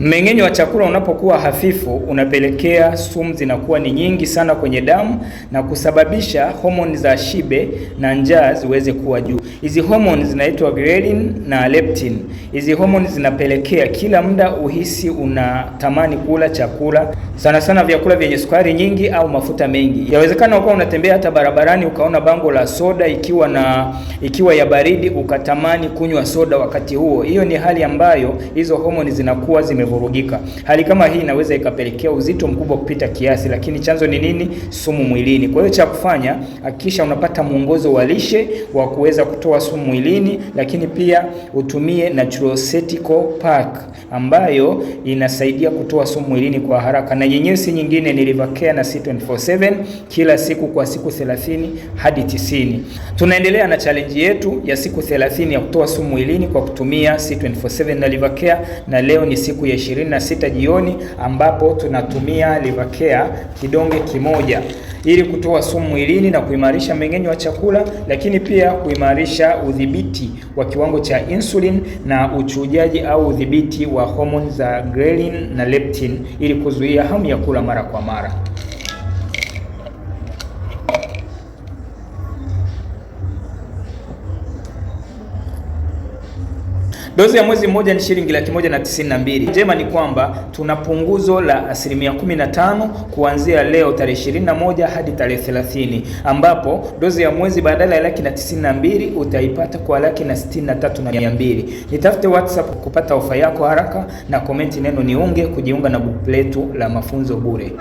Mmeng'enyo wa chakula unapokuwa hafifu unapelekea sumu zinakuwa ni nyingi sana kwenye damu na kusababisha homoni za shibe na njaa ziweze kuwa juu. Hizi homoni zinaitwa ghrelin na leptin. Hizi homoni zinapelekea kila muda uhisi unatamani kula chakula sana sana vyakula vyenye sukari nyingi au mafuta mengi. Yawezekana ukawa unatembea hata barabarani ukaona bango la soda ikiwa na ikiwa ya baridi ukatamani kunywa soda wakati huo. Hiyo ni hali ambayo hizo homoni zinakuwa zimevurugika. Hali kama hii inaweza ikapelekea uzito mkubwa kupita kiasi, lakini chanzo ni nini? Sumu mwilini. Kwa hiyo cha kufanya, hakikisha unapata mwongozo wa lishe wa kuweza kutoa kutoa sumu mwilini, lakini pia utumie Nutraceutical Pack ambayo inasaidia kutoa sumu mwilini kwa haraka, na nyenyesi nyingine ni Liver Care na C24/7 kila siku kwa siku 30 hadi 90. Tunaendelea na challenge yetu ya siku 30 ya kutoa sumu mwilini kwa kutumia C24/7 na Care, na leo ni siku ya 26 jioni ambapo tunatumia Liver Care kidonge kimoja ili kutoa sumu mwilini na kuimarisha mmeng'enyo wa chakula, lakini pia kuimarisha cha udhibiti wa kiwango cha insulin na uchujaji au udhibiti wa homoni za ghrelin na leptin ili kuzuia hamu ya kula mara kwa mara. Dozi ya mwezi mmoja ni shilingi laki moja na tisini na mbili. Jema ni kwamba tuna punguzo la asilimia 15 kuanzia leo tarehe 21 hadi tarehe 30, ambapo dozi ya mwezi badala ya laki na tisini na mbili utaipata kwa laki na sitini na tatu na mia mbili. Nitafute WhatsApp kupata ofa yako haraka na komenti neno niunge kujiunga na grupu letu la mafunzo bure.